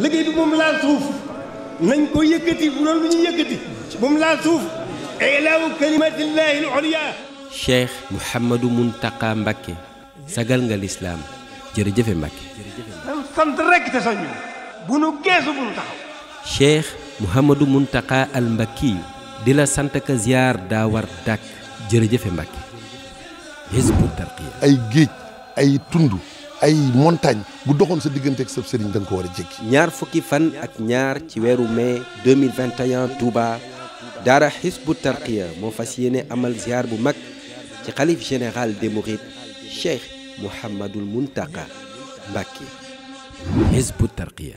liggéey bi moom laal suuf nañ ko yëkkati bu doon lu ñuy yëkkati moom laal suuf ilaawu kalimatillahi al ulya cheikh mouhamadou muntaqa mbakke sagal nga lislaam jërëjëfe mbakke sant rekk te soññ bu nu geesu bu nu taxaw cheikh mouhamadou muntaqa al mbakki di la sant ka ziyaar daa war dàkk jërëjëfe mbakke Hizbut Tarqiyyah ay géej ay tund ay montagne bu doxoon sa diggante ak sa sëriñ da ko war a jéggi. ñaar fukki fan ak ñaar ci weeru mai 2021 Touba daara Hizbut Tarqiya moo fas yéene amal ziar bu mag ci xalif général des Mourides Cheikh Mouhamadul Mountakha Mbacké Hizbut